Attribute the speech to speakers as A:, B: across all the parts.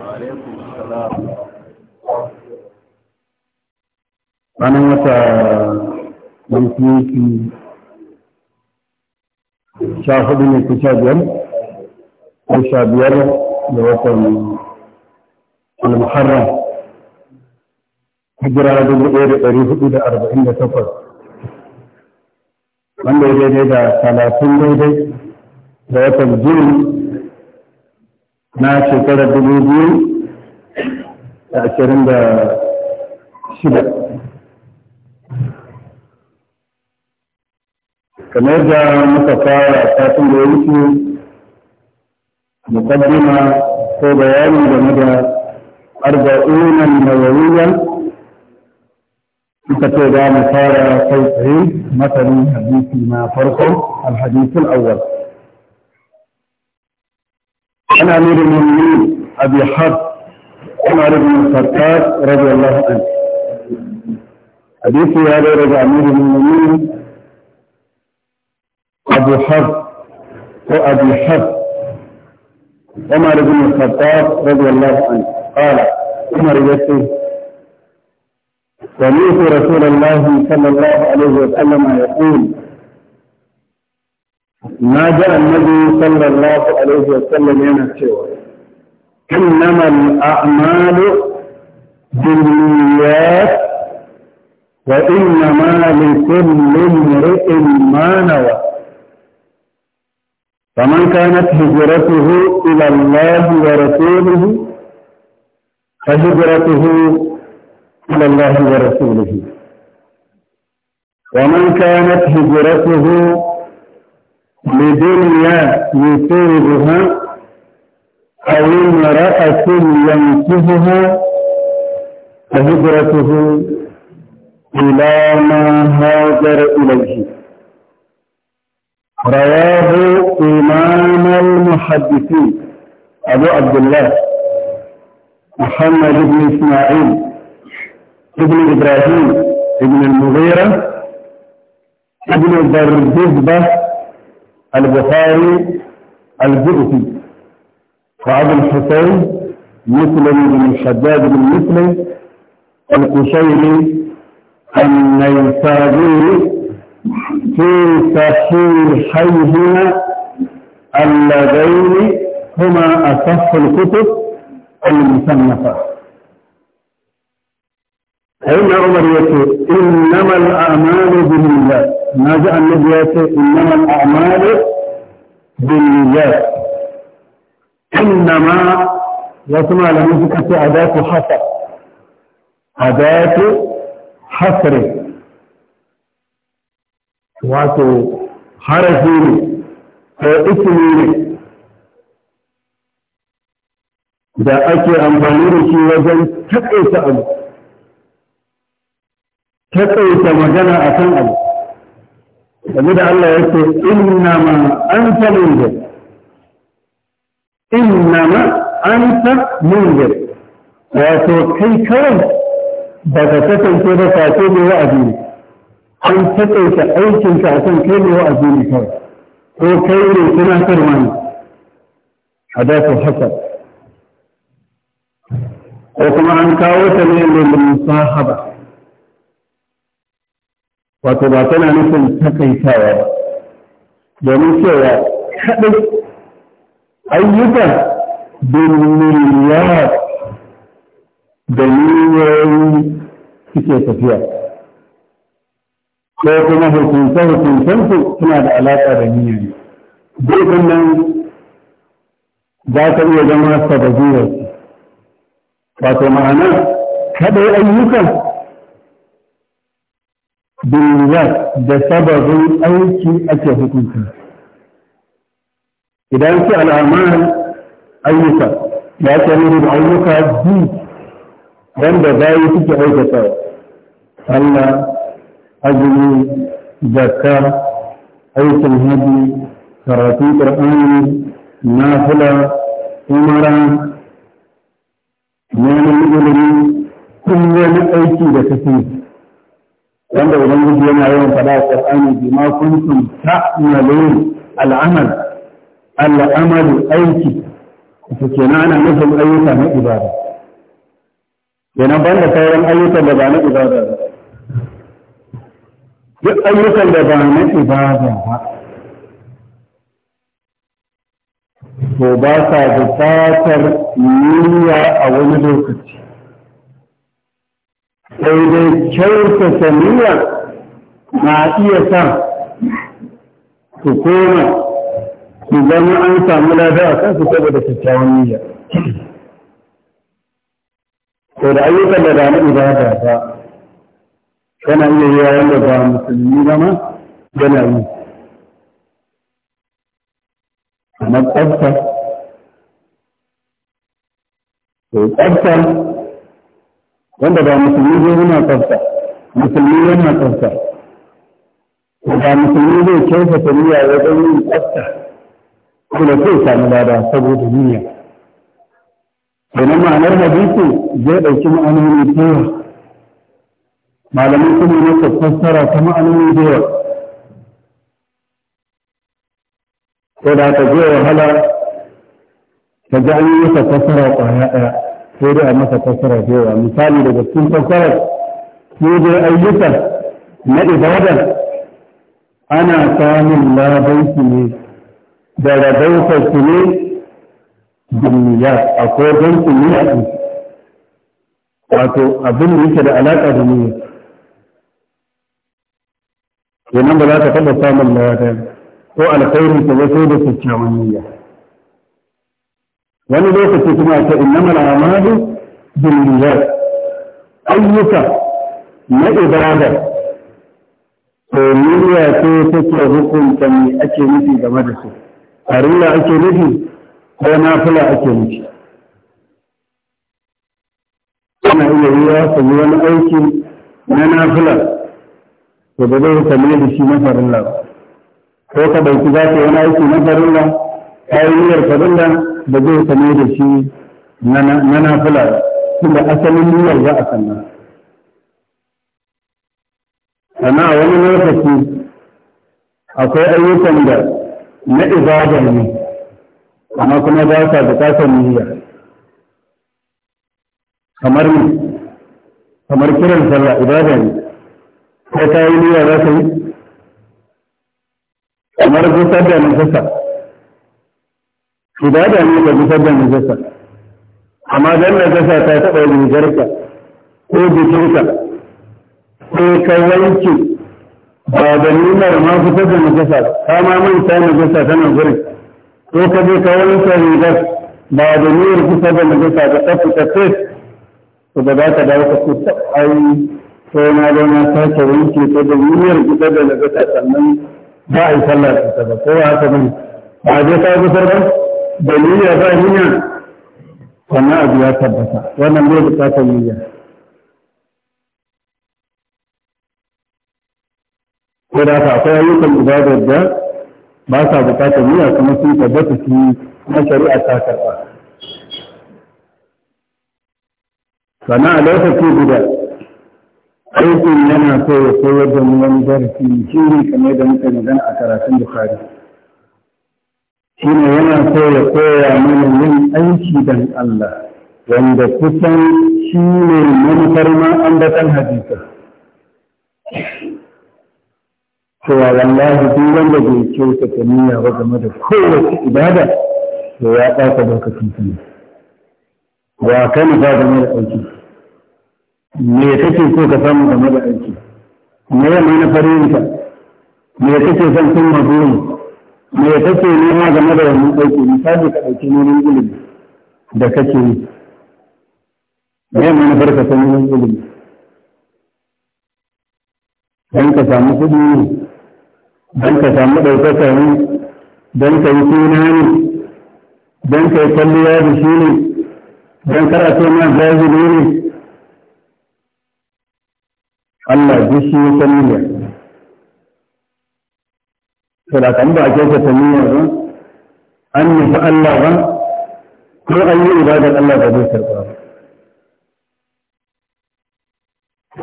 A: وعليكم السلام ranar wata yanki sha hudu ne ko sha biyar ko sha biyar da watan al-muharram hijira dubu ɗaya da ɗari hudu da arba'in da takwas wanda ya daidai da talatin daidai da watan jini na shekarar dubu biyu da ashirin da shida kamar da muka fara satin da ya wuce mukaddima ko bayani game da arba'unan nawawiyar كتو دا مسارة صوته مثلا حديث ما فرقه الحديث الأول عن أمير المؤمنين أبي حفص عمر بن الخطاب رضي الله عنه حديث هذا رجع أمير المؤمنين أبو حفص وأبي حفص عمر بن الخطاب رضي الله عنه قال عمر يسير سمعت رسول الله صلى الله عليه وسلم يقول ما جاء النبي صلى الله عليه وسلم ينسوه إنما الأعمال بالنيات وإنما لكل امرئ ما نوى فمن كانت هجرته إلى الله ورسوله فهجرته إلى الله ورسوله ومن كانت هجرته لدنيا يصيبها أو امرأة ينكهها فهجرته إلى ما هاجر إليه رواه إمام المحدثين أبو عبد الله محمد بن إسماعيل ابن إبراهيم ابن المغيرة ابن بردبة البخاري الجؤفي وأبو الحسين مسلم بن الحجاج بن مسلم القشيري النيسابوري في صحيحيهما اللذين هما أصح الكتب المصنفة أين عمر يقول إنما الأعمال بالنيات ماذا النبي يقول إنما الأعمال بالنيات إنما وسمع لمسكة أداة حصر أداة حصر wato harafi ne ko ismi ne da ake amfani da taƙaita magana a kan abu game da Allah ya ce inna ma an ta munzir inna ma an ta munzir wato kai kawai ba ka kasance ba face ne wa'azi ne an taƙaita aikinka a kan kai ne wa'azi ne kawai ko kai ne tunatarwa ne hadasu hasan ko kuma an kawo ta ne mai musahaba wato ba tana nufin takaitawa ba domin cewa kaɗai ayyuka bin miliyar da miliyoyi suke tafiya ko kuma hukunce hukuncensu suna da alaƙa da miliyoyi dukkan nan za ka iya zama sababiyyar wato ma'ana kaɗai ayyukan bilwat da sababin aiki ake hukunci idan ce al'amal ayyuka ya ce ne da ayyuka bi wanda bayi suke aikata Allah azumi zakka aikin hajji karatu qur'ani nafila umara neman ilimi kun wani aiki da kake wanda gudu yana yawan faɗa a qur'ani bi ma kuntum ta'malun al'amal al'amal aiki to kenan ana nufin ayyuka na ibada kenan banda sauran ayyukan da ba na ibada ba duk ayyukan da ba na ibada ba to ba sa buƙatar niyya a wani lokaci sai dai kyautata niyya na iya sa su koma su zama an samu lada a kansu saboda kyakkyawan niyya to da ayyukan da ba na ibada ba kana iya yi wanda ba musulmi ba ma yana yi kamar tsafta to tsafta wanda ba musulmi zai yana tsafta musulmi yana tsafta ba musulmi zai kyautata ya wajen yin tsafta kuma sai sami lada saboda niyya kenan ma'anar hadisi zai ɗauki ma'anoni da yawa malamai kuma na fassara ta ma'anoni da yawa ko da ta je wahala ta ji an yi fassara ƙwaya ɗaya sai dai a masa fassara da yawa misali daga cikin fassarar sai dai ayyuka na ibadar ana samun labai su ne da rabautar su ne duniya a kogon su ne a wato abin da yake da alaƙa da niyya kenan ba za ka taɓa samun lada ko alkhairi ta ba sai da kyakkyawan niyya wani lokaci kuma ta innamal amalu bil ayyuka na ibada to niyya ce take hukunta me ake nufi game da su farilla ake nufi ko nafila ake nufi ana iya riya su yi wani aiki na nafila to da zai kame da shi na farilla ko ka ɗauki za ka yi wani aiki na farilla ka yi niyyar farilla da zai same da shi na nafila tunda asalin niyyar za a sannan. sana wani lokaci akwai ayyukan da na ibada ne amma kuma ba sa bukatar niyya kamar ne kamar kiran sallah ibada ne sai ta yi niyya za ka yi kamar gusar da nufisa to da ne ka gusar da najasa amma dan najasa ta taɓa rigarka ko jikinka ko ka wanke ba da nuna ma fitar da najasa ka ma manta najasa tana gurin ko ka je ka wanke rigar ba da niyyar fitar da najasa ka ka kai to ba za ka dawo ka ce ta ai sai na zo na sake wanke ta da niyyar fitar da najasa sannan ba a yi sallah ta ba ko haka bane ba a je ka gusar ba da niyya ba niyya wannan abu ya tabbata wannan bai bukatar niyya ko da ka akwai ayyukan ibadar da ba sa bukatar niyya kuma sun tabbata su na shari'a ta karɓa sannan a lokaci guda aikin yana so ya koyar da mu wani darasi shi ne kamar da muka magana a karatun bukari shine yana so ya koya mana yin aiki don Allah wanda kusan shi ne manufar ma ambatan hadisa cewa wallahi duk wanda bai ta niyya ba game da kowace ibada to ya ɓata lokacin sana wa ka nufa game da aiki me kake so ka samu game da aiki me manufar yinka me kake son kuma burin me kake nema game da wannan aiki misali ka ɗauki neman ilimi da kake yi me manufar ka ta neman ilimi don ka samu kuɗi ne don ka samu ɗaukaka ne don ka yi suna ne don ka yi kwalliya da shi ne don kar a ce ma ne Allah duk shi ya san miliyan saboda in ba a kyautata niyyar ba an nufi Allah ba ko an yi ibadar Allah ba zai karɓa ba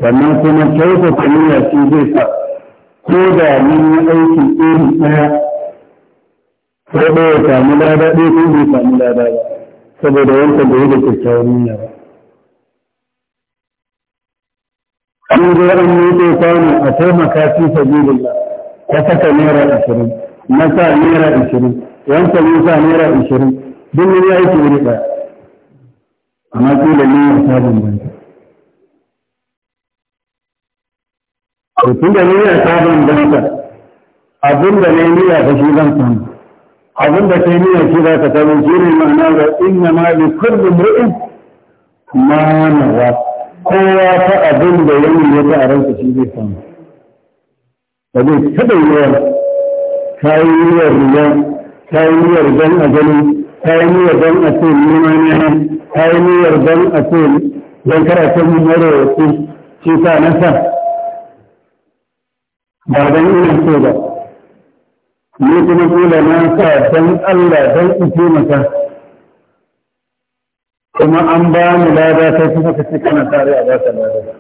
A: sannan kuma kyautata niyyar shi zai sa ko da mun yi aiki iri ɗaya ko ɗaya samu lada ɗaya ko bai samu lada ba saboda wanda bai yi da kyakkyawar niyya ba an zo an yi kwano a taimaka fi sabilillah ka saka naira ashirin na sa naira ashirin wancan ya sa naira ashirin duk wani aiki wuri ɗaya amma kila naira ta bambanta to tun da naira ta bambanta abin da na yi niyya ba shi zan samu abin da ta yi niyya shi za ka samu shi ne ma'ana ga inna ma bi kullu mu'in ma nawa kowa ta abin da ya yi ya ta a ransa shi zai samu ba zai taɓa yiwuwa ka yi niyyar riya ka yi niyyar don a gani ka yi niyyar don a ce nema ne ka yi niyyar don a ce don karatun mara wasu shi sa na sa ba don ina so ba ni kuma kula na sa don Allah don in taimaka kuma an ba mu lada ta kuma ka ce kana tare a ba ta lada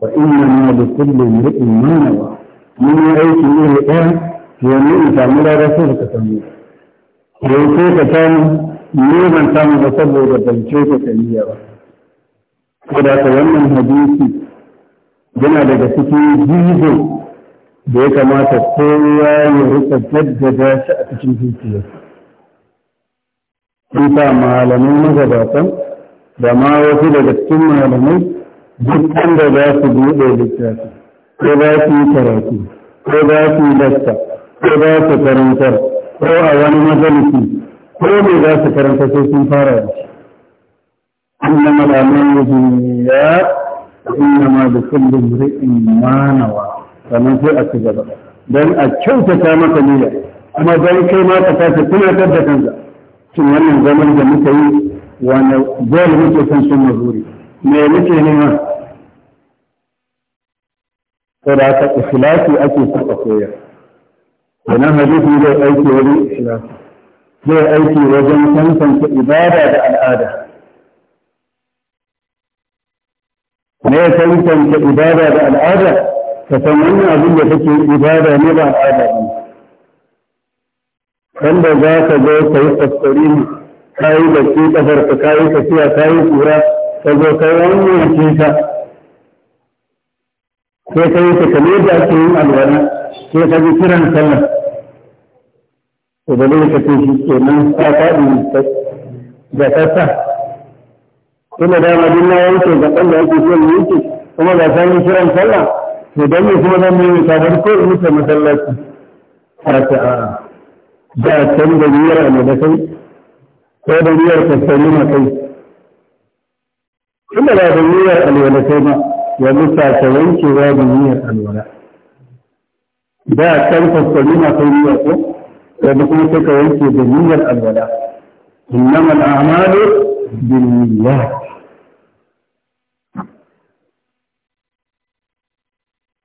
A: wa inna ma da kullum ri'in manawa mun yi aiki iri ɗaya yanzu in samu rara sai ka samu don sai ka samu ne ban samu ba saboda ban ce ka kariya ba saboda ka wannan hadisi yana daga cikin jizo da ya kamata kowa ya rika jaddada shi a cikin zuciya sun sa malamin magabatan da ma wasu daga cikin malamai duk da za su buɗe littafi ko ba su yi karatu ko ba su yi lasta ko ba su karantar ko a wani majalisi ko ne za su karanta sai sun fara da shi إنما الأعمال بالنيات وإنما لكل امرئ ما نوى sannan sai a ci gaba don a kyautata maka niyya kuma don kai ma ka tashi kuna da kanka shin wannan zaman da muka yi wani zai muke son sun mazuri me muke nema sai da aka ikhlasi ake son a koya wannan hadisi zai aiki wajen ikhlasi zai aiki wajen tantance ibada da al'ada ne ya tantance ibada da al'ada ka san wannan abin da kake ibada ne ba al'ada ne wanda za ka zo ka yi tsaskari ne ka yi da ke kafar ka ka yi tafiya ka yi kura ka zo ka yi wannan ce ka sai ka yi da ake yin alwala sai ka ji kiran sallah to da ke shi ke nan ta faɗi da sassa kuma dama duk na yanke ga yake ake son yake kuma ga sani kiran sallah to don ne kuma zan yi kafar ko in ka masallaci a ta a da can da niyyar a kai ko da niyyar kasari makai kai kuma da niyyar alwala kai ba wa bisa ta wankewa da niyyar alwala da karfafa na kai niyya ko da kuma sai ka wanke da niyyar alwala innama al'amalu bin niyyat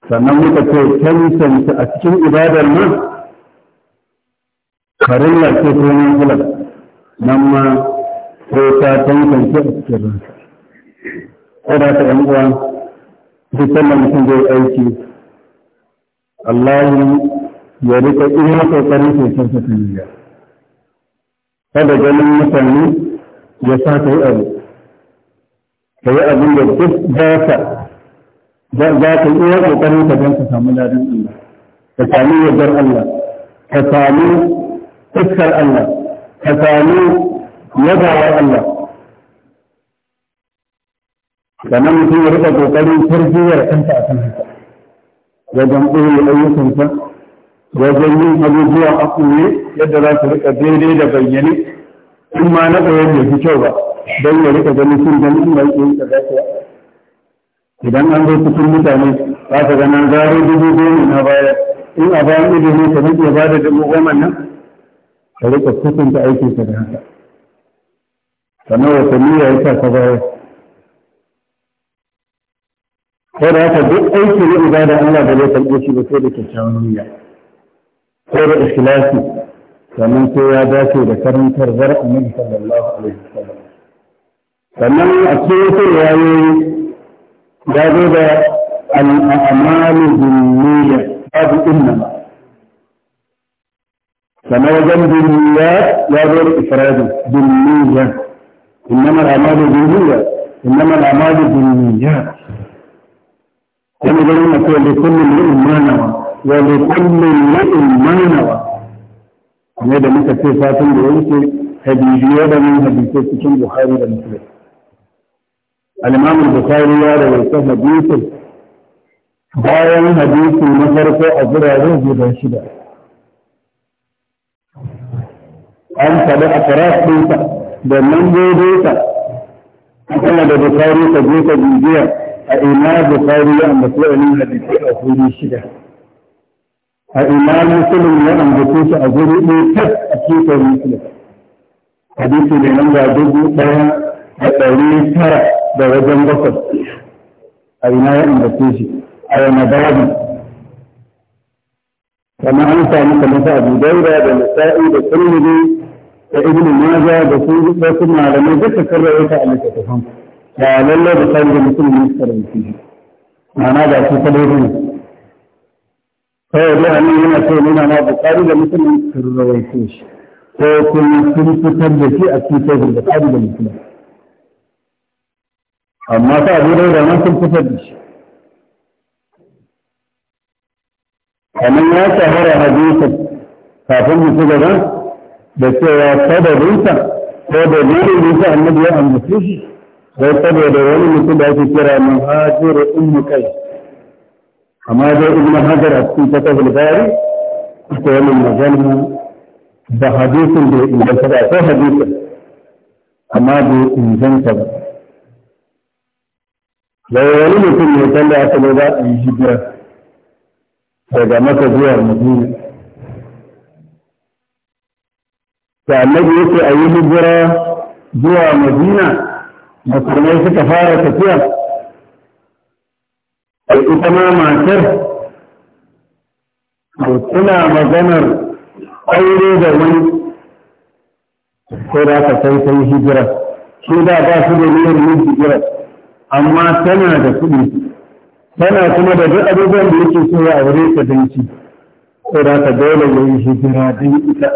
A: sannan muka ce tantance a cikin ibadar nan farilla ce ko nan nan ma sai ta tantance a cikin
B: Ko Ƙura ta ‘yan uwa
A: duk sannan mutum zai aiki Allah ya rika iya kokarin sosai ta tuniya kada ganin mutane ya sa ka yi abu ka yi abin da duk za ka za ka yi iya kokarin ka don ka samu ladan Allah ka sami yardar Allah ka sami iskar Allah ka sami yabawar Allah sannan mutum ya rika kokarin tarbiyyar kanta a kan haka wajen ɓoye ayyukansa wajen yin abubuwa a ɓoye yadda za su rika daidai da bayyane in ma na ɓoye bai fi kyau ba don ya rika ganin sun gani in mai yin sadaka idan an zo cikin mutane za ka gana zaro dubu goma na baya in a bayan ido ne ka rike ba da dubu goma nan ka rika kusanta aikinka da haka sannan wasanni ya sa ka baya ko da haka duk aiki na ibada Allah da zai karɓe shi ba sai da kyakkyawan niyya ko da ikhlasi sannan sai ya dace da karantar zar annabi sallallahu alaihi wasallam sannan a cikin wata yayi ya zo da al'amalu binniyya babu innama sannan wajen binniyya ya zo da ifradi binniyya innama al'amalu binniyya innama al'amalu binniyya kuma zai yana cewa da ne in manawa wa da kullum li'in manawa kuma da muka ce satin da ya wuce hadisi ya da mun hadisai cikin buhari da muslim al-imam bukhari ya rawaita hadisin bayan hadisi na farko a guraren guda shida an faɗi a ɗinsa da nan daidaita kana da bukari ka je ka bibiya a imanin bukari ya ambaci a guri shida a imanin musulun ya ambace shi a guri ɗaya tas a cikin musulun hadisi da nan ga dubu ɗaya da ɗari tara da wajen bakwai a ina ya ambace shi a yana babu kama an samu kamar sa abu daura da nasa'i da turmudi da ibnu maza da su malamai duka sun rawaita a littattafan
B: ba lallai da
A: tsari da mutum ne karanci ma'ana da su talibin kawai dai a nan yana so nuna na bukari da musulun sun rawaito shi ko kuma sun fitar da shi a cikin sahih bukari da musulun amma ta abu dai da nan sun fitar da shi kamar ya shahara hadisa kafin mu ci gaba da cewa sababinsa ko da dalilin da annabi ya ambace shi wai saboda wani mutum da ake kira muhajiru ummu kai amma dai ibn hajar a cikin fatahul bari ita wani magana da hadisin da inganta ba ko hadisin amma in inganta ba da wani mutum ne kan da aka za a yi hijira daga maka zuwa madina da annabi yake a yi hijira zuwa madina musulmai suka fara tafiya ai ita ma matar to tana maganar aure da wani sai da aka sai sai hijira shi da ba su da niyyar yin hijira amma tana da kuɗi tana kuma da duk abubuwan da yake so ya aure ta danci sai da aka dole ya yi hijira don ita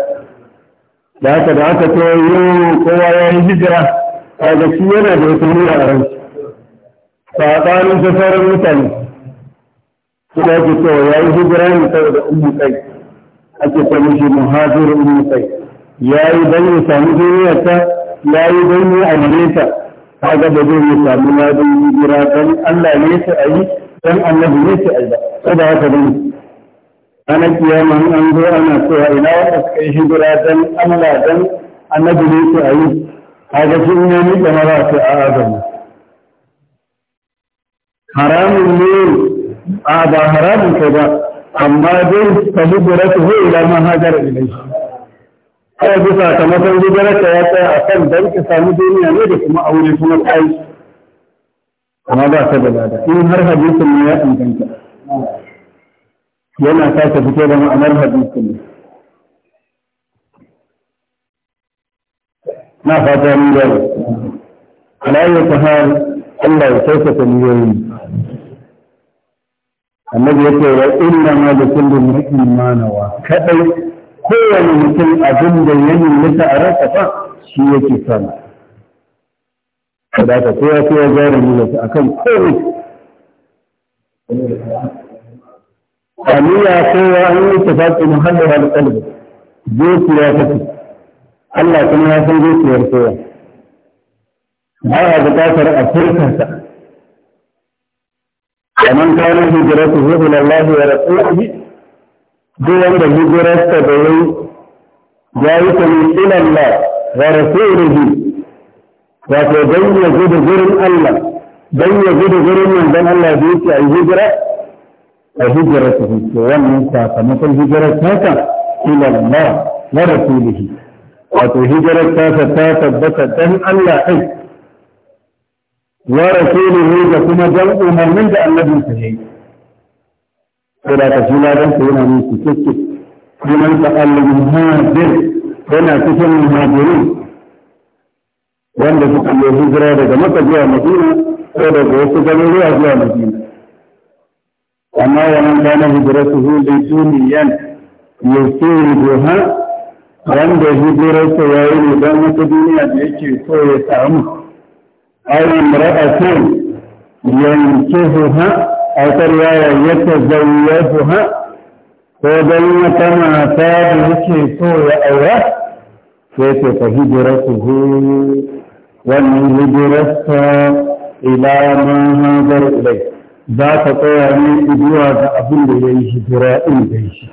A: da haka da aka ce yau kowa ya yi hijira kaga shi yana da wata nuna a ransa saɓanin ta sauran mutane Su suna ke cewa ya yi hijira ne saboda ummu kai ake ce mishi muhajirin ummu kai ya yi don ya sami duniyar ta ya yi don ya amare ta kaga da zai ya na ladin hijira don Allah ne su a yi don annabi ne su a yi ba saboda haka ne ana kiyama an zo ana cewa ina wanda suka yi hijira don Allah don annabi ne su a yi kaga shi ne ni da mara ta adam haramun ne a ba haramun ka ba amma dai ta hijira ta ho ila ma hajara ilai kai bi sakamakon hijira ta ya tsaya a kan dan ka sami duniya ne da kuma aure kuma kai amma ba ta da lada in har hadisin ne ya inganta yana sake fito da ma'anar hadisin ne na fata ni da alayyar ta har Allah ya kyautata niyoyi annabi ya ce wa inna ma da kullu mu'min ma nawa kadai kowane mutum abin da ya nuna a rasa fa shi yake sana kada ka koya koya jarumi da ta akan komai aniya kowa an yi tafaƙi muhallar alƙalbi zuciya ta fi Allah kuma ya san zuciyar kowa ba ya buƙatar a furkansa kamar kayan hijiratu zuhu lallahi wa rasulihi duk wanda hijirarsa da yayi ya yi ta ne ilallah wa rasulihi wato don ya gudu gurin Allah don ya gudu gurin don Allah da yake a yi hijira a hijirarsa to wannan sakamakon hijirar ta ilallah wa rasulihi wato hijirar tasa ta tabbata dan Allah ɗin wa rasuluhu da kuma jan umarnin da annabin sa yayi ko da ka shina dan ku yana nufi cikin sunan sa al-muhajir yana cikin muhajirin wanda suka yi hijira daga maka zuwa Madina ko daga wasu garuruwa zuwa Madina amma wannan kana hijiratuhu li duniyan yusibuha wanda hijirarsa ya yi ne don wata duniya da yake so ya samu ayin ra'atin ha, a karya yayyata ha, ko don wata mata da yake so ya aura sai ta fa su hu wannan hijirarsa ila ma hazar ilai za ka tsaya ne zuwa ga abin da ya yi hijira ɗin da shi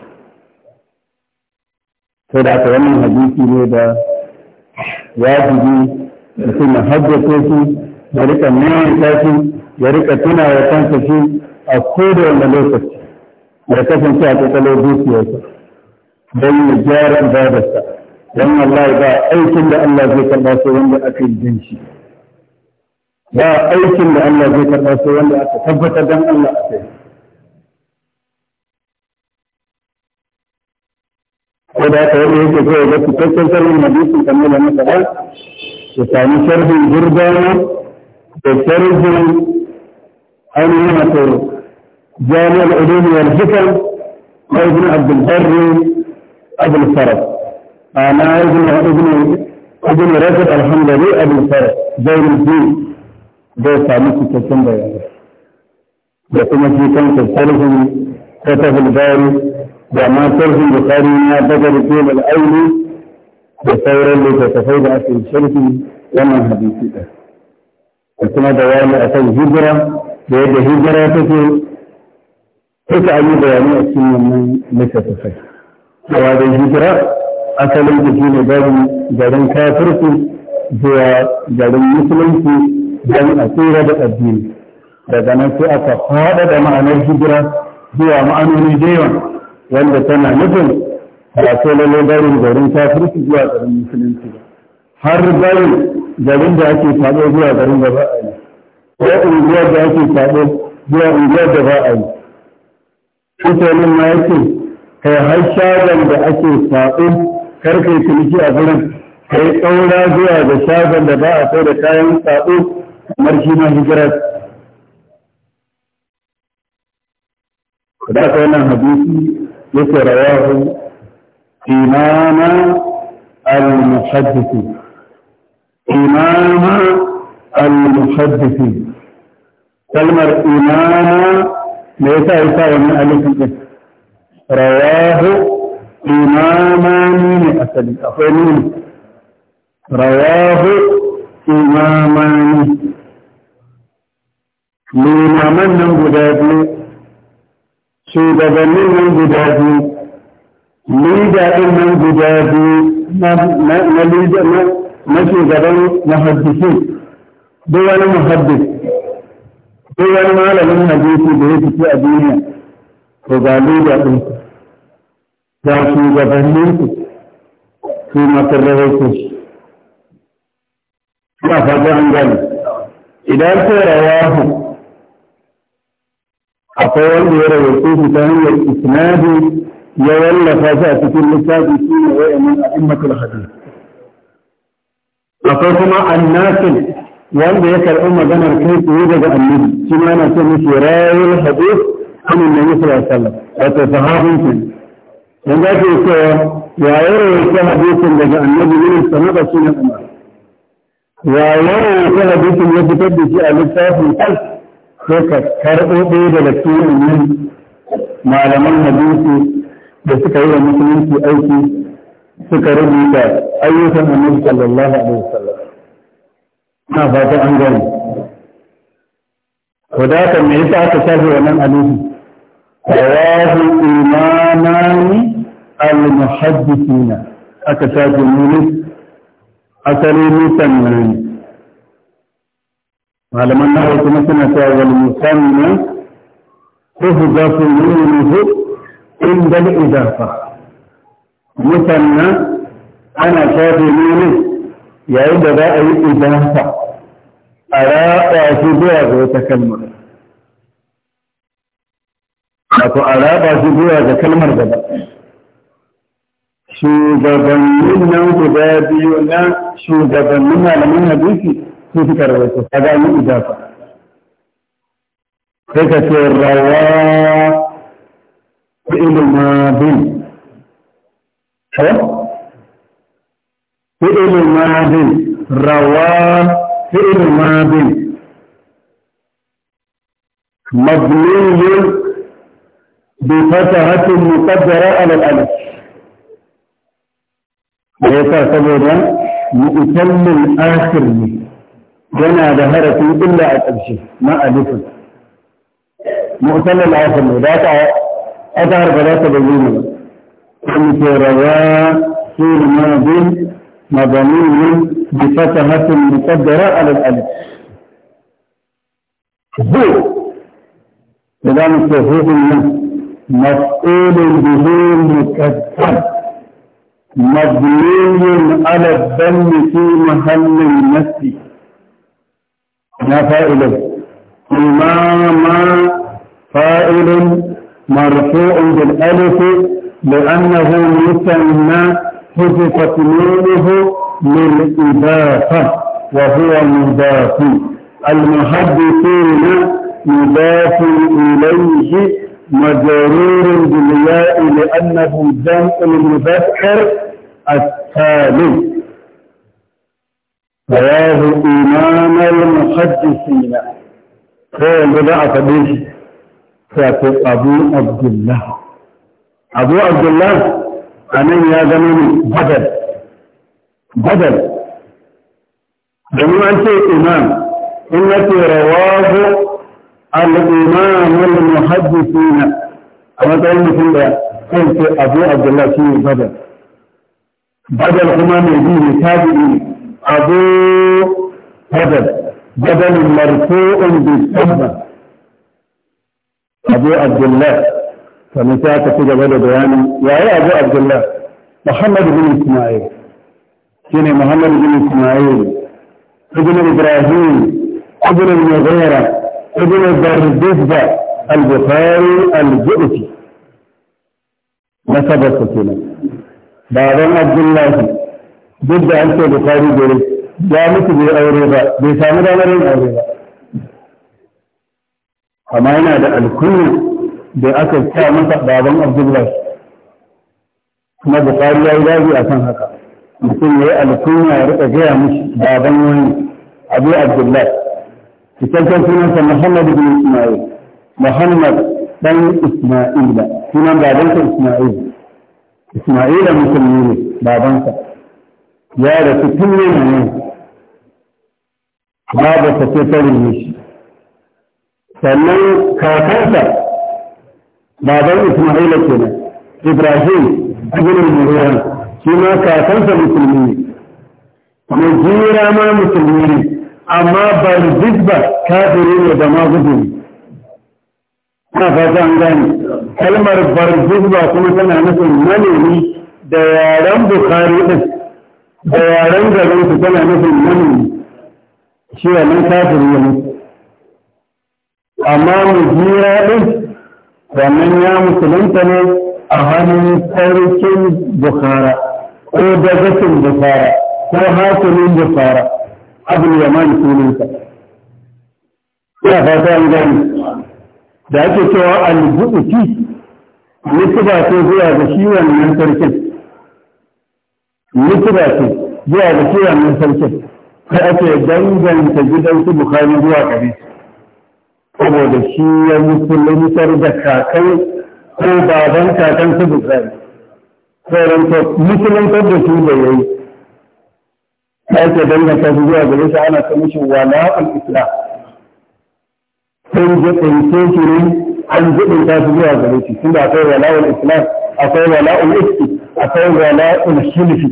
A: sai da aka wannan hadisi ne da wajibi mutum ya haddace shi ya rika maimaita shi ya rika tuna ya kansa shi a koda wanda lokaci ya kasance a kakalo dukiyarsa don ya gyara ibadarsa don Allah ba aikin da Allah zai karɓa sai wanda aka yi jin shi ba aikin da Allah zai karɓa sai wanda aka tabbatar don Allah a yi saboda haka wanda yake so ga cikakken sanin hadisin kamar da muka ba ya sami sharhin gurbani da sharhin ainihin wato jami'ar ulumi wal hikam na ibn abdul barri abul farad ana ibn ibn ibn rajab alhamdulillah abul farad zainul din zai sami cikakken bayani da kuma shi kansa sharhin fatahul bari da ma sharhin bukari na daga rikin al'aini da sauran littattafai da ake sharhi wannan hadisi ɗin da kuma da wani a kan hijira da yadda hijira take suka an yi bayani a cikin wannan littattafai A wajen hijira asalin da shi ne garin kafirci zuwa garin musulunci don a tsira da addini daga nan sai aka faɗa da ma'anar hijira zuwa ma'anoni da yawa wanda tana nufin ba sai lalle barin garin kafirci zuwa garin musulunci ba har barin garin da ake faɗo zuwa garin da ba a yi ko unguwar da ake faɗo zuwa unguwar da ba a yi kusurin ma yake kai har shagon da ake faɗo karfe yi a gurin kai tsaura zuwa da shagon da ba a kai da kayan faɗo kamar shi na hijira da aka wannan hadisi ذكر رواه إمام المحدثين إمام المحدثين كلمة إمام ليس عيسى ومن ألف رواه إماما من أسد أخوين رواه إماما من إماما من shugabannin nan guda biyu lida ɗin nan guda biyu na lida na shugaban muhaddisin duk wani muhaddis duk wani malamin hadisi da ya fito a duniya to ga lida ɗin ga shugabannin su su makarrawarsu ina fata an gani idan sai rawahu akwai wanda ya rawaito shi ta hanyar isnadi ya wallafa shi a cikin littafi shi ne wa'annan a'immatul hadith akwai kuma annasin wanda ya karɓi maganar kai tsaye daga annabi shi ma yana ce mishi rayul hadith an annabi sallallahu alaihi wasallam wato sahabin shi dan ga ce cewa ya rawaito hadisin daga annabi ne sanaba shi ne umar ya rawaito hadisin ya fitar da shi a littafin kansa sai ka karɓo ɗaya daga cikin malaman hadisi da suka yi wa musulunci aiki suka rubuta ayyukan annabi sallallahu alaihi wasallam
B: na fata an gani
A: ko da haka me yasa aka shafe wannan hadisi rawahu imanani al-muhaddithina aka shafe mulis asali mutan nan malaman nawa kuma suna cewa wal yi tuhdafu in inda al-idafa musamman ana shafe ne yayin da za a yi idafa a raɗa shi zuwa ga wata kalmar wato a raɗa shi zuwa ga kalmar gaba shugabannin nan guda biyu na shugabannin malaman hadisi تذكر وجهه هذا من إضافة فكة الرواء فعل ماضي فعل ماضي روى فعل ماضي مبني بفتحة مقدرة على الألف ليس سببا مؤتم آخر منه yana da harafin illa a ƙarshe na alifin mu'talil asal ne da ta azhar ba za ta bayyana ba kuma ke rawa fil madin مضمون بفتحة مقدرة على الألف هو إذا مستفيد منه مفعول به مكتب مضمون على الدم في محل النسي ما فائل ما ما مرفوع بالالف لانه مثنى حذفت نونه للاضافه وهو مضاف المحدثون مضاف اليه مجرور بالياء لانه جمع المذكر الثالث رواه إمام المحدثين قال بدأ فبيش فاتو أبو عبد الله أبو عبد الله أمين يا زميني بدل بدل جميع أنت إمام إنك رواه الإمام المحدثين أنا تقول مثل قلت أبو عبد الله في بدل بدل كما من دين تابعين أبو بدل بدل مرفوع بالسبب أبو عبد الله فمتى تفيد بدل بياني يا أبو عبد الله محمد بن إسماعيل شنو محمد بن إسماعيل ابن إبراهيم ابن المغيرة ابن الدردزة البخاري الجؤتي نسبته كده بعد عبد الله duk da an ce bukari gare ya mutu bai aure ba bai samu damar yin aure ba amma yana da alkunya da aka sa masa baban abdullahi kuma da tari ya yi daji a kan haka mutum ya yi alkunya ya rika gaya mishi baban wani abu abdullahi cikakken sunansa muhammadu bin ismail muhammad dan ismaila sunan babansa ismail ismaila musulmi ne babansa ya rasu tun yana nan babu ta ce ta shi sannan kakansa baban Ismaila kenan Ibrahim ibn Mughira shi ma kakansa musulmi ne Mujira ma musulmi ne amma Barzibba kafiri ne da ma gudu ne ina fata an gane kalmar Barzibba kuma tana nufin manomi da yaren Bukhari din da yaren garin su tana nufin nan shi wannan kafiri ya mu. amma mu mujira din wannan ya musulunta ne a hannun sarkin bukara ko dagatin bukara ko hakimin bukara abin yaman sunansa ina fata an gani da ake cewa al su ba ce zuwa ga shi wannan sarkin mutuba ce zuwa ga shi wannan sarkin sai ake danganta gidan su bukari zuwa gare saboda shi ya musuluntar da kakan ko baban kakan su bukari sauran ta musuluntar da su da yayi ake danganta su zuwa gare shi ana kan shi wala'ul islam sun ji tsinke shi ne an jiɗin ta su zuwa gare shi tun da akwai wala'ul islam akwai wala'ul iski akwai wala'ul shilfi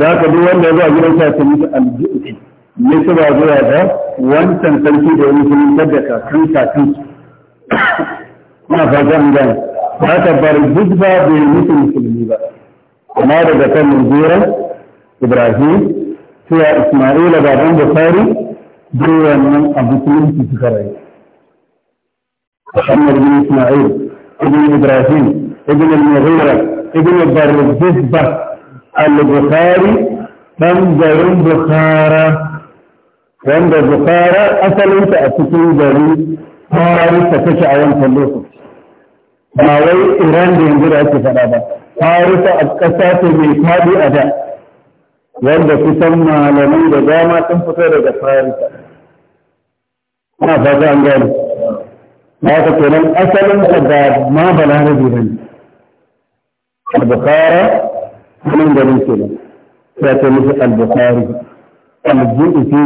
A: da haka duk wanda ya zuwa gidan sa ta mutu alji'i ne su ba zuwa da wancan sarki da wani sun tabbata kan kakan su na fatan gani ba ta bar duk ba bai mutu musulmi ba amma daga kan manzuran ibrahim cewa ismaila baban bukari duk wannan a musulunci suka rayu محمد بن اسماعيل ابن إبراهيم ابن المغيرة ابن الضربة البخاري من جرم بخارة وعند بخارة أصل أنت أتكين جرم فارس تشعى وانت اللوصف ما وي إيران دي انجر أتي فلابا فارس أبكسات الميكاد أداء وعند تسمى لمن دجامة تنفتر فارس ما فضاء جرم da haka kenan asalin sa ba ma balarabe bane al-bukhara sunan garin kenan sai ta nufi al-bukhari al-ju'fi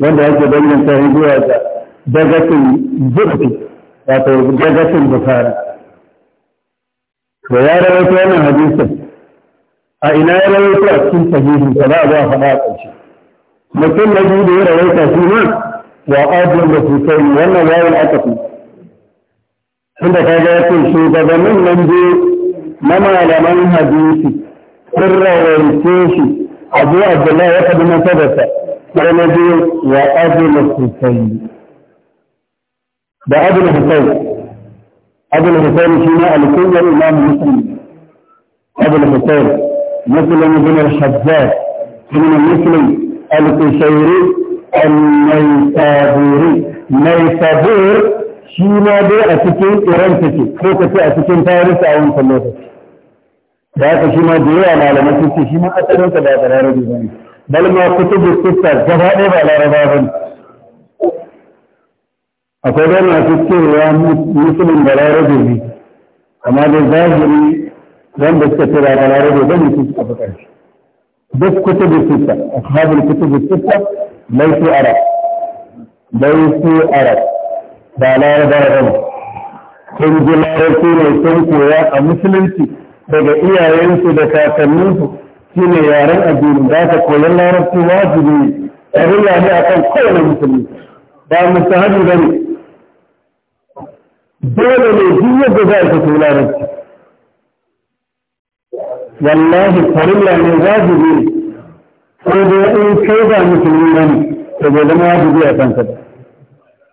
A: wanda yake danganta zuwa ga dagatin ju'fi wato dagatin bukhari da ya rawaito wannan hadisin a ina ya rawaito a cikin sahihin sa ba za a faɗa a ƙarshe mutum na biyu da ya rawaita shi ne wa abin da su kai wannan wayan aka fi tunda ka ga yakin shugabannin nan biyu na malaman hadisi sun rawaice shi abu abdullahi ya faɗi nasabarsa sai na biyu wa abul husayn da abul husayn abul husayn shi ne alkunyar imam muslim abul husayn muslim ibn al-hajjaj ibn muslim al-kushairi al-naysaburi naysabur shi ma dai a cikin iran take ko ka ce a cikin tarihi a wancan lokaci da aka shi ma da yawa malamai sun ce shi ma asalinsa ba da larabi da zane bal ma da sitta gaba ɗaya ba laraba ba ne akwai dai masu cewa musulun da laraba ne amma dai zahiri wanda suka ce ba da laraba ba ne su suka fi ƙarfi duk kutubu da ashabul da sitta laifin arab laifin arab ba larabawa ba sun ji larabci ne sun koya a musulunci daga iyayensu da kakanninsu shi ne yaren addini za ka koyan larabci wajibi ɗariya ne a kan kowane musulmi ba mustahabi ba ne dole ne duk yadda za a kasu larabci wallahi farilla ne wajibi ne ko dai in kai ba musulmi ba ne to bai zama wajibi a kanka ba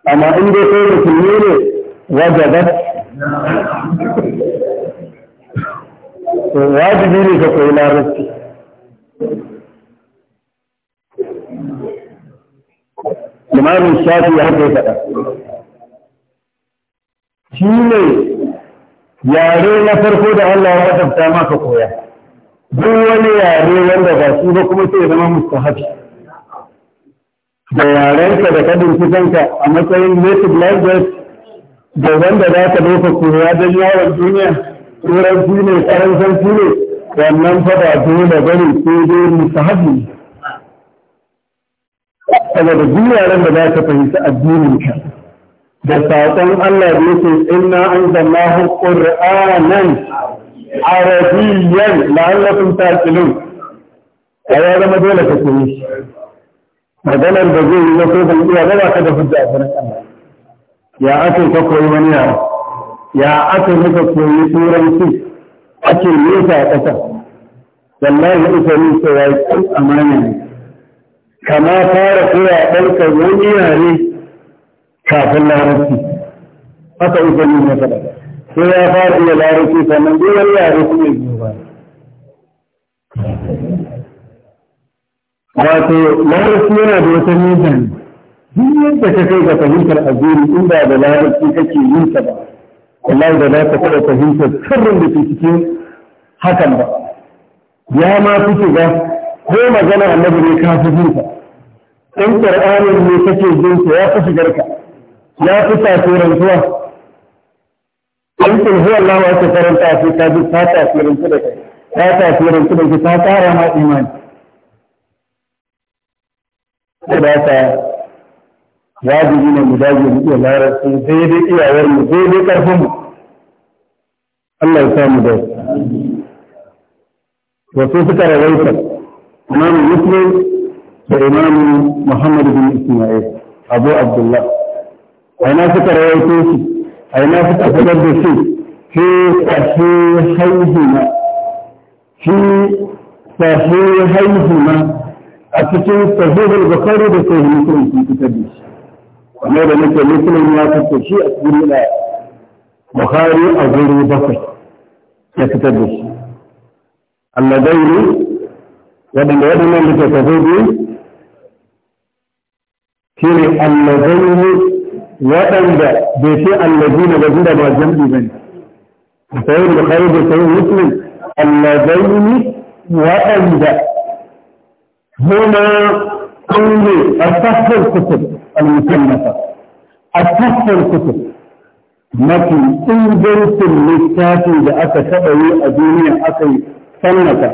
A: amma in dai kai musulmi ne wajabat wajibi ne ka koyi larabci limamin shafi ya haka faɗa shi ne yare na farko da Allah ya wadanta maka koya duk wani yare wanda ba shi ba kuma sai zama hafi. da yarenka da kadin kusanka a matsayin native language da wanda za ka dofa koya don yawon duniya turanci ne faransanci ne wannan fada dole bane sai dai musahabi saboda duk yaran da za ka fahimci addinin ka da saƙon Allah da yake inna anzalnahu qur'anan arabiyyan la'allakum taqilun ya zama dole ka koyi maganar da zai yi na ko ban iya ba ka da hujja a sanar Allah ya ake ka koyi wani yaro ya ake ka koyi turanci ake nesa a ƙasa wallahi ita ne cewa ya kan amana ne kama fara koya ɗaukar wani yare kafin larabci haka ita ne na faɗa sai ya fara iya larabci sannan duk wani yare su ne biyo ba wato larabci yana da wata mizan duk yadda ka kai ga fahimtar addini in ba da larabci kake yin ta ba wallahi da za ka kada fahimtar sirrin da ke cikin hakan ba ya ma fi shiga ko magana annabi ne ka fi jinta in qur'anin ne kake jinta ya fi shigar ka ya fi tasirantuwa in kun huwa Allah wa ta karanta sai ta ji ta tasirantu da kai ta tasirantu da kai ta kara ma imani ko da haka wajibi ne mu dage mu iya larabci daidai iyawar mu daidai karfin mu Allah ya samu da wasu suka rawaita imamu muslim da imamu muhammad bin isma'il abu abdullah
B: aina suka rawaito shi A ina suka fitar da shi
A: fi sahihai hima fi sahihai hima a cikin sahihul bukhari da sahih muslim sun fitar da shi kuma da nake muslim ya fitar shi a cikin da bukhari a guri bakwai ya fitar da shi alladaini waɗanda waɗannan littattafai biyu shi ne alladaini waɗanda bai ce alladina ba zuwa ba jam'i ba ne sahihul bukhari da sahih muslim alladaini waɗanda هنا قول الفحص الكتب المصنفة الفحص الكتب mafi ingancin littafin da aka taɓa yi a duniya aka yi sannata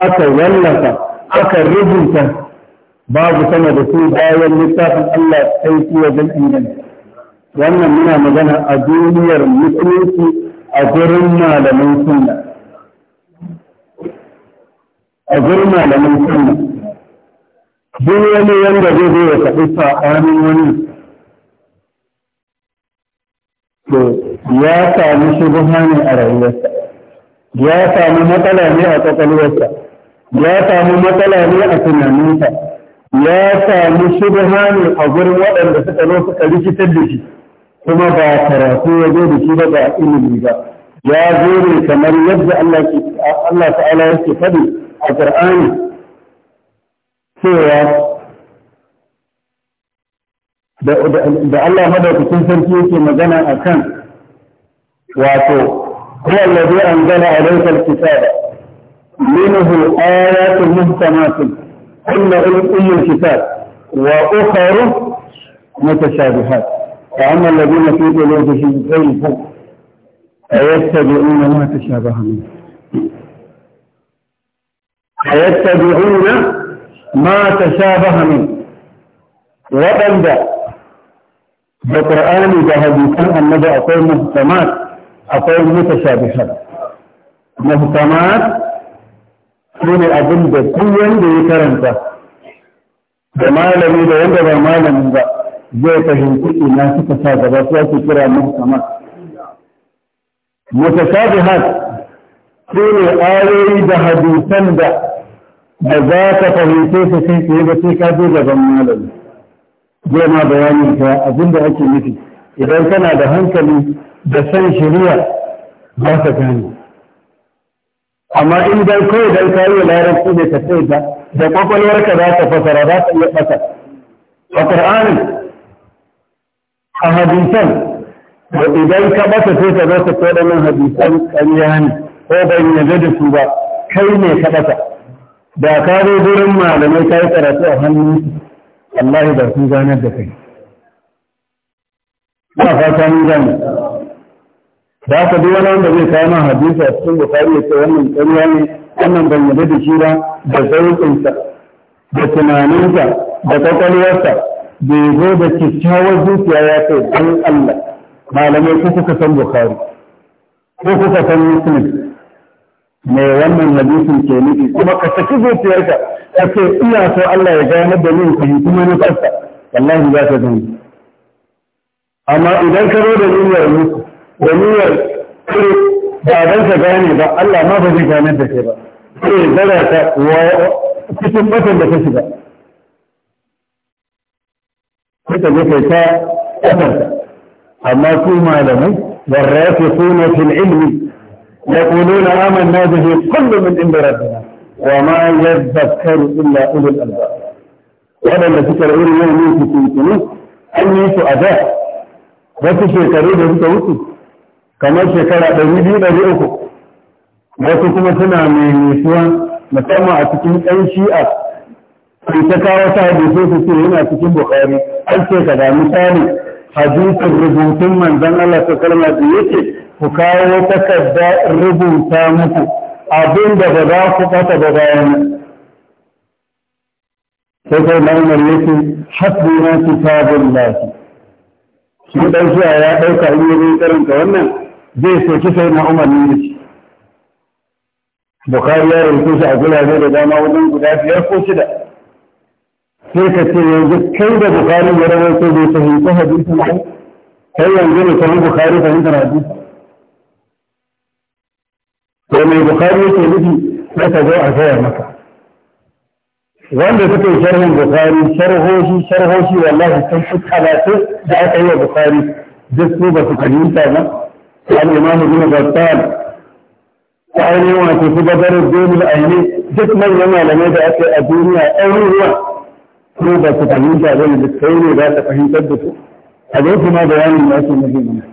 A: aka wallafa aka rubuta babu sama da su bayan littafin Allah sai su wajen inganta wannan muna magana a duniyar musulunci a gurin malaman sunna a gurin malaman sunna duk wani wanda zai zo ya faɗi saɓanin wani to ya samu shubha ne a rayuwarsa ya samu matsala ne a ƙwaƙwalwarsa ya samu matsala ne a tunaninsa ya samu shubha ne a gurin waɗanda suka zo suka rikitar da shi kuma ba karatu ya zo da shi ba ba ilimi ba ya zo ne kamar yadda Allah ta'ala yake faɗi a Qur'ani cewa da Allah madaukakin sarki yake magana a kan wato huwa alladhi anzala alayka alkitaba minhu ayatun muhkamatun kunna ummul kitab wa ukharu mutashabihat fa amma alladhina fi qulubihim zayghun ayattabi'una ma tashabaha minhu ayattabi'una ma ta sha waɗanda da ƙur'ani da hadisan annabi akwai muhtamat akwai mutashabihat muhtamat su ne abin da duk wanda ya karanta da malami da wanda ba malami zai fahimci ina suka sa gaba su ake kira muhtamat mutashabihat sune ayoyi da hadisan da da za ka fahimce su kai tsaye ba sai ka je gaban malami zai ma bayanin ka abin da ake nufi idan kana da hankali da san shari'a za ka gane amma in dai kawai dan kayi larabci ne ka sai da da kwakwalwarka za ka fasara za ka iya fasa a qur'ani a hadisan da idan ka bata sai ka zo ka kodannan hadisan ƙarya ne ko ban yarda da su ba kai ne ka bata da ka zo gurin malamai ka yi karatu a hannun wallahi da sun ganar da kai ba fata mun gane da aka duk wani wanda zai kawo hadisa a cikin bukari ya ce wannan ƙarya ne wannan ban yadda da shi ba da sauƙinsa da tunaninsa da da ya zo da kyakkyawar zuciya ya kai don Allah malamai ko kuka san Bukhari ko kuka san muslim Mai wannan hadisin ke nufi kuma ka saki zuciyarka ka ce ina so Allah ya gane da ni fahimci manufarsa wallahi za ka gani amma idan ka zo da niyyar musu da niyyar kare ba dan ka gane ba Allah ma ba zai gane da kai ba sai zara ta cikin batan da ka shiga sai ka je ta kasarka amma su malamai warrafi suna fil ilmi يقولون آمنا به كل من عند ربنا وما يذكر إلا أولو الألباب waɗanda suka rayu da yau su tuntuni an yi su a da wasu shekaru da suka wuce kamar shekara ɗari biyu ɗari uku wasu kuma suna mai nisuwa musamman a cikin ɗan shi'a sai ta kawo ta hadisi su ce yana cikin bukari an ce ka da misali hadisin rubutun manzon Allah ta kalma da yake ku kawo takarda rubuta muku abin da ba za ku ɓata ba bayan sai kai ma'amar yake hasbi na kitabun lafi shi ɗan zuwa ya ɗauka in yi karanta wannan zai soki sai ma'amar ne shi bukari ya rubuta shi a gulaje da dama wajen guda biyar ko shida sai ka ce yanzu kai da bukari ya rawaito bai fahimci hadisin kai yanzu ne kamar bukari fahimtar hadisin da mai bukari yake nufi na ta zo a gaya maka wanda suka yi sharhin bukari sharhoshi sharhoshi wallahi sun fi talatin da aka yi wa bukari duk su ba su fahimta ba al'imam ibn gattan ta ainihin wato su gabarar domin aini duk manyan malamai da aka yi a duniya ɗaruruwa su ba su fahimta ba ne duk kai ne za ta fahimtar da su a zai kuma bayanin nasu muhimmanci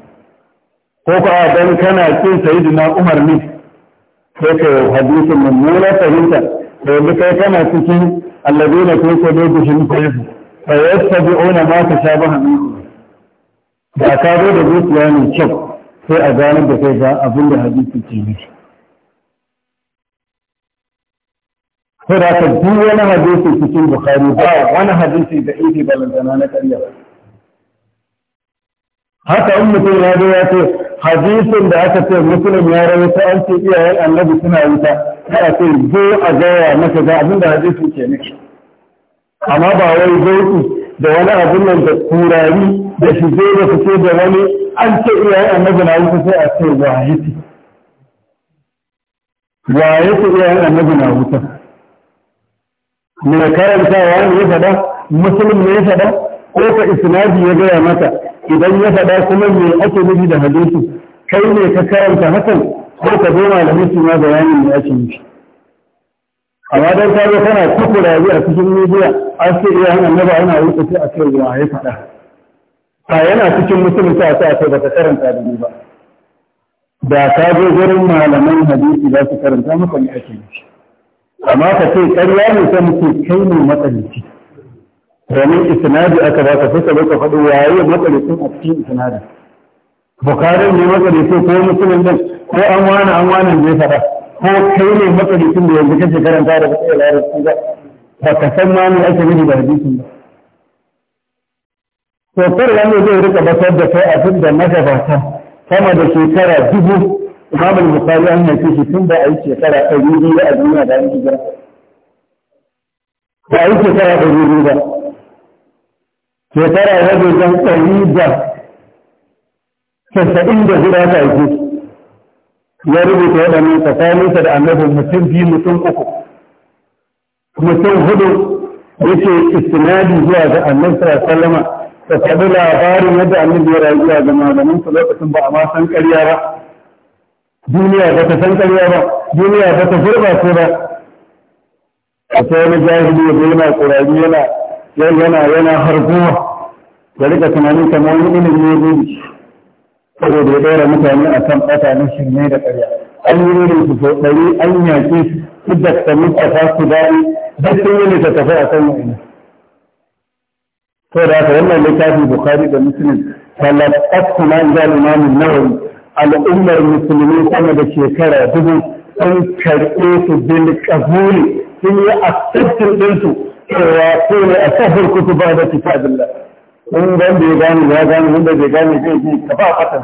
A: ko ko a dan kana kin sayyidina umar ne كيف حديث المنمولة فهمت فهمت كيف ما تكون الذين كنت بيدي في فيتبعون ما تشابه منهم فأكادوا بيت يعني شب في أذان بكيزا أبن حديث التنمية فرا تبدو وانا حديث التنمية بخاري باع وانا حديث بإيدي بلد أمانة اليوم حتى أمتي هذه hadisin da aka ce musulun ya ta an ce iyayen annabi suna wuta kada ce zo a gaya maka ga abin da hadisin ke niki. amma ba wai zauki da wani abin nan da turari da shi zo da ce da wani an ce iyayen annabi na wuta sai a ce Waye wahiti iyayen annabi na wuta me karantawa ne ya faɗa musulun ne ya faɗa ko ka isnadi ya gaya mata idan ya faɗa kuma me ake nufi da hadisi kai ne ka karanta hakan ko ka zo malamin su ma bayanin da ake nufi amma dan ka zo kana kukuraje a cikin media an ce iya hana naba ana wuce sai a ce wa ya faɗa ba yana cikin musulunci a ce a ce baka karanta da ni ba da ka zo gurin malaman hadisi za su karanta maka ne ake nufi amma ka ce ƙarya ne sai mutum kai ne matsalici ومن إسنادي أكباك فسألوك فدو وعي مقلسين أبتين إسنادي بخاري من مقلسين كو مسلم بس كو أموان أموان الجيفرة كو كيني يكون بي يجب كنت كرم تارك إيه لا رسيزة فكسماني أكبيني بهديسين بس وقال لأنه دي ورقة بسرد كو أفد دا نجفة كما دا شكرا جبو إمام المقالي أنه يتيشي سنبا أي شكرا أجيبي لأدنيا دا نجفة وأي شكرا أجيبي لأدنيا ترى رجلا قريبا فسئل جزيرة عزيز يربي تولى من تفاني تدعى أنه مثل بي مثل أخو مثل هدو يكي استنادي هو أنه صلى الله عليه وسلم فسأل أغاري مدى أنه يرى إلى زمان من صلى الله عليه وسلم بعما سنك اليارا دنيا فتسنك اليارا دنيا فتفرغ أخيرا أتوني جاهدي وظلم القرآنية yana yana harguwa ya rika tunanin kamar wani ilimin ne ne saboda ya ɗora mutane a kan ɓata na shirme da ƙarya an yi irin su sau ɗari an yaƙi su duk da mutafa su daɗi duk sun yi littattafai a kan wa'ina to da haka wannan littafin bukhari da muslim talaqat kuma ga imam an-nawawi al'ummar musulmi sama da shekara dubu sun karɓe su bil qabuli sun yi acceptance ɗinsu cewa ko ne a sahar kutu ba da kitabin la in ban da ya gane ya gane wanda bai gane zai ji ka ba fatan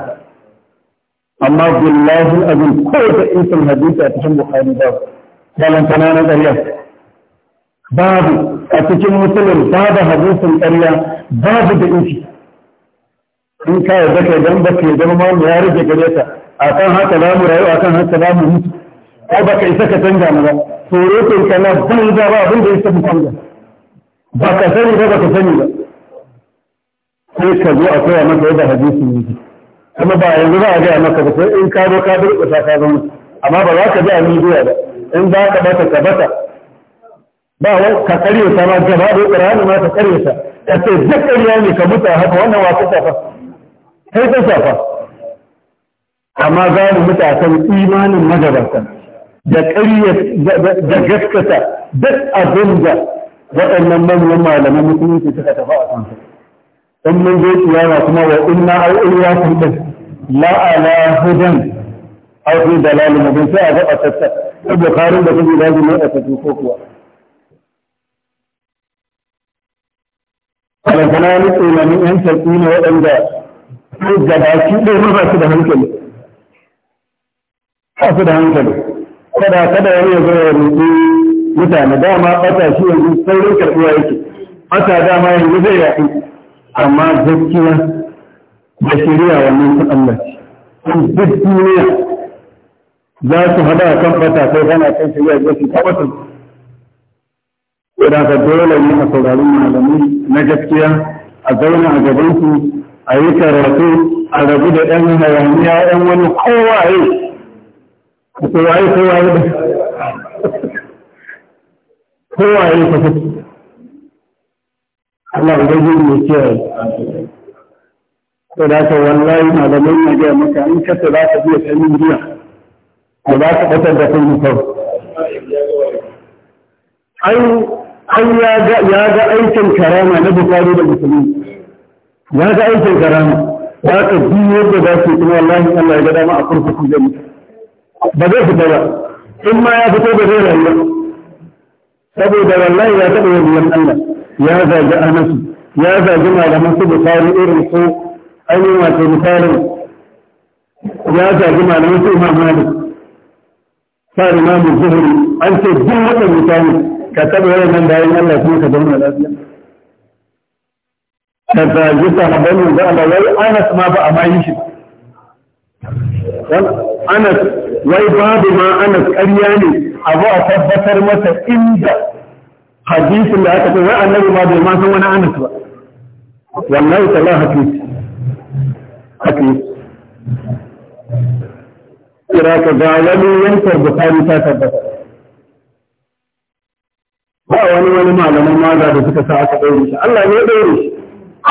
A: amma billahi azim ko da isin hadisi a cikin bukhari ba dalan tana ƙarya babu a cikin musulun babu hadisin ƙarya babu da ishi in ka yarda ka idan ba ka zama mamu ya rage gare ta a kan haka za mu rayu a kan haka za mu mutu ai ba ka isa ka canja mu ba tsoro ko kana banza ba abin da ya sabu canza ba ka sani ba ba ka sani ba
B: sai ka zo a koya maka yadda
A: hadisi ne kuma ba yanzu za a gaya maka ba sai in ka zo ka durƙusa ka zama amma ba za ka ji a midiya ba in za ka bata ka bata ba wai ka karyata ma gaba da ƙur'ani ma ka karyata ka ce duk ƙarya ne ka mutu haka wannan wa ka shafa kai ka shafa amma za mu mutu akan imanin magabatan da ƙarya da gaskata duk abin da waɗannan manyan malaman musulunci suka tafi a kansu in mun zo kiyama kuma wa inna au illa kullum la ala hudan au fi dalalin mubin sai a ga tsatta ko bukarin da kuma zaji ne a tafi ko kuwa alakana ni tsunanin yan sarki ne waɗanda su gabaki ɗaya ba su da hankali ba su da hankali kada kada wani ya zo ya rubutu mutane dama bata shi yanzu saurin karɓuwa yake bata dama yanzu zai yaɗu amma gaskiya da shirya wannan ta Allah ce duk duniya za su hada kan bata kai kana kan shirya da ta tabbata idan ka dole ne a saurari malamai na gaskiya a zauna a gaban su a yi karatu a rabu da ɗan hayaniya ɗan wani kowa yi kowa yi kowa yi kowaye ka fi Allah ubangiji ne kiyaye to da ka wallahi malamai na gaya maka in ka ta za ka biya sanin biya ba za ka batar da kai mutum ai ai ya ga ya ga aikin karama na bukari da musulmi ya ga aikin karama za ka bi yadda za su kuma wallahi Allah ya ga dama a kurkuku zai mutu ba zai fita ba in ma ya fito da zai rayuwa saboda wallahi ya taɓa yin Allah ya zagi anasu ya zagi malaman su bukari irin ko ainihin wato bukari ya zagi malaman su imam malik sa imamu zuhuri an ce duk waɗanda mutane ka taɓa yawan nan bayan Allah kuma ka zauna lafiya ka zagi sahabban yanzu Allah wai anas ma ba a ma yi shi anas wai babu ma anas ƙarya ne a zo a tabbatar masa inda hadisin da aka ce wai annabi ma bai ma san wani anas ba wallahi tala hadisi hadisi kira ka ga wani yankar bukari ta tabbata ba wani wani malaman maza da suka sa aka ɗaure shi Allah ne ɗaure shi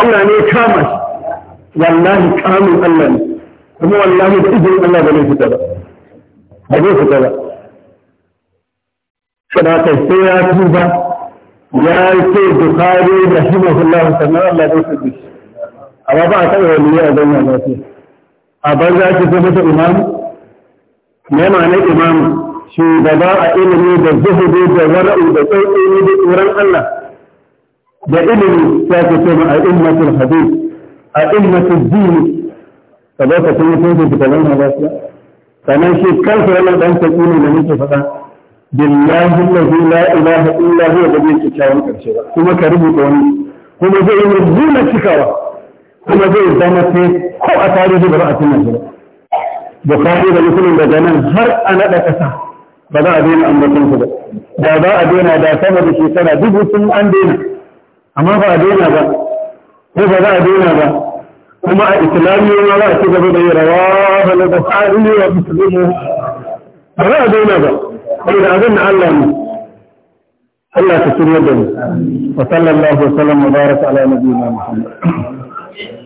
A: Allah ne kama shi wallahi kamun Allah ne kuma wallahi da izinin Allah ba zai fita ba ba zai fita ba Suna kai sai ya tuba ya ce Bukhari da Himahullahu sannan Allah zai tuba shi. Amma ba a taɓa wani a zauna lafiya. A banza ki zama da imamu? Me ma'anar imamu? Shugaba a ilimi da zuhudu da wara'u da tsautsayi da tsoron Allah. Da ilimi ya ce ma a ilmatul hadith a ilmatul dini ka zo ka sun mutunci ka zauna lafiya sannan shi kansa yana ɗan taƙi ne da nake faɗa billahi allazi la ilaha illa huwa da zai kyakkyawan karshe ba kuma ka rubuta wani kuma zai yi rubuna cikawa kuma zai zama ko a tarihi ba a tuna shi ba bukari da musulun daga nan har a naɗa ƙasa ba za a daina ambaton ba da za a daina da sama shekara dubu sun an daina amma ba a daina ba ko ba za a daina ba kuma a islamiyya ma gaba da yi rawa ba za a daina ba saboda abin da Allah ne Allah ta shirya da mu wa sallallahu wa sallam wa baraka ala nabiyina muhammad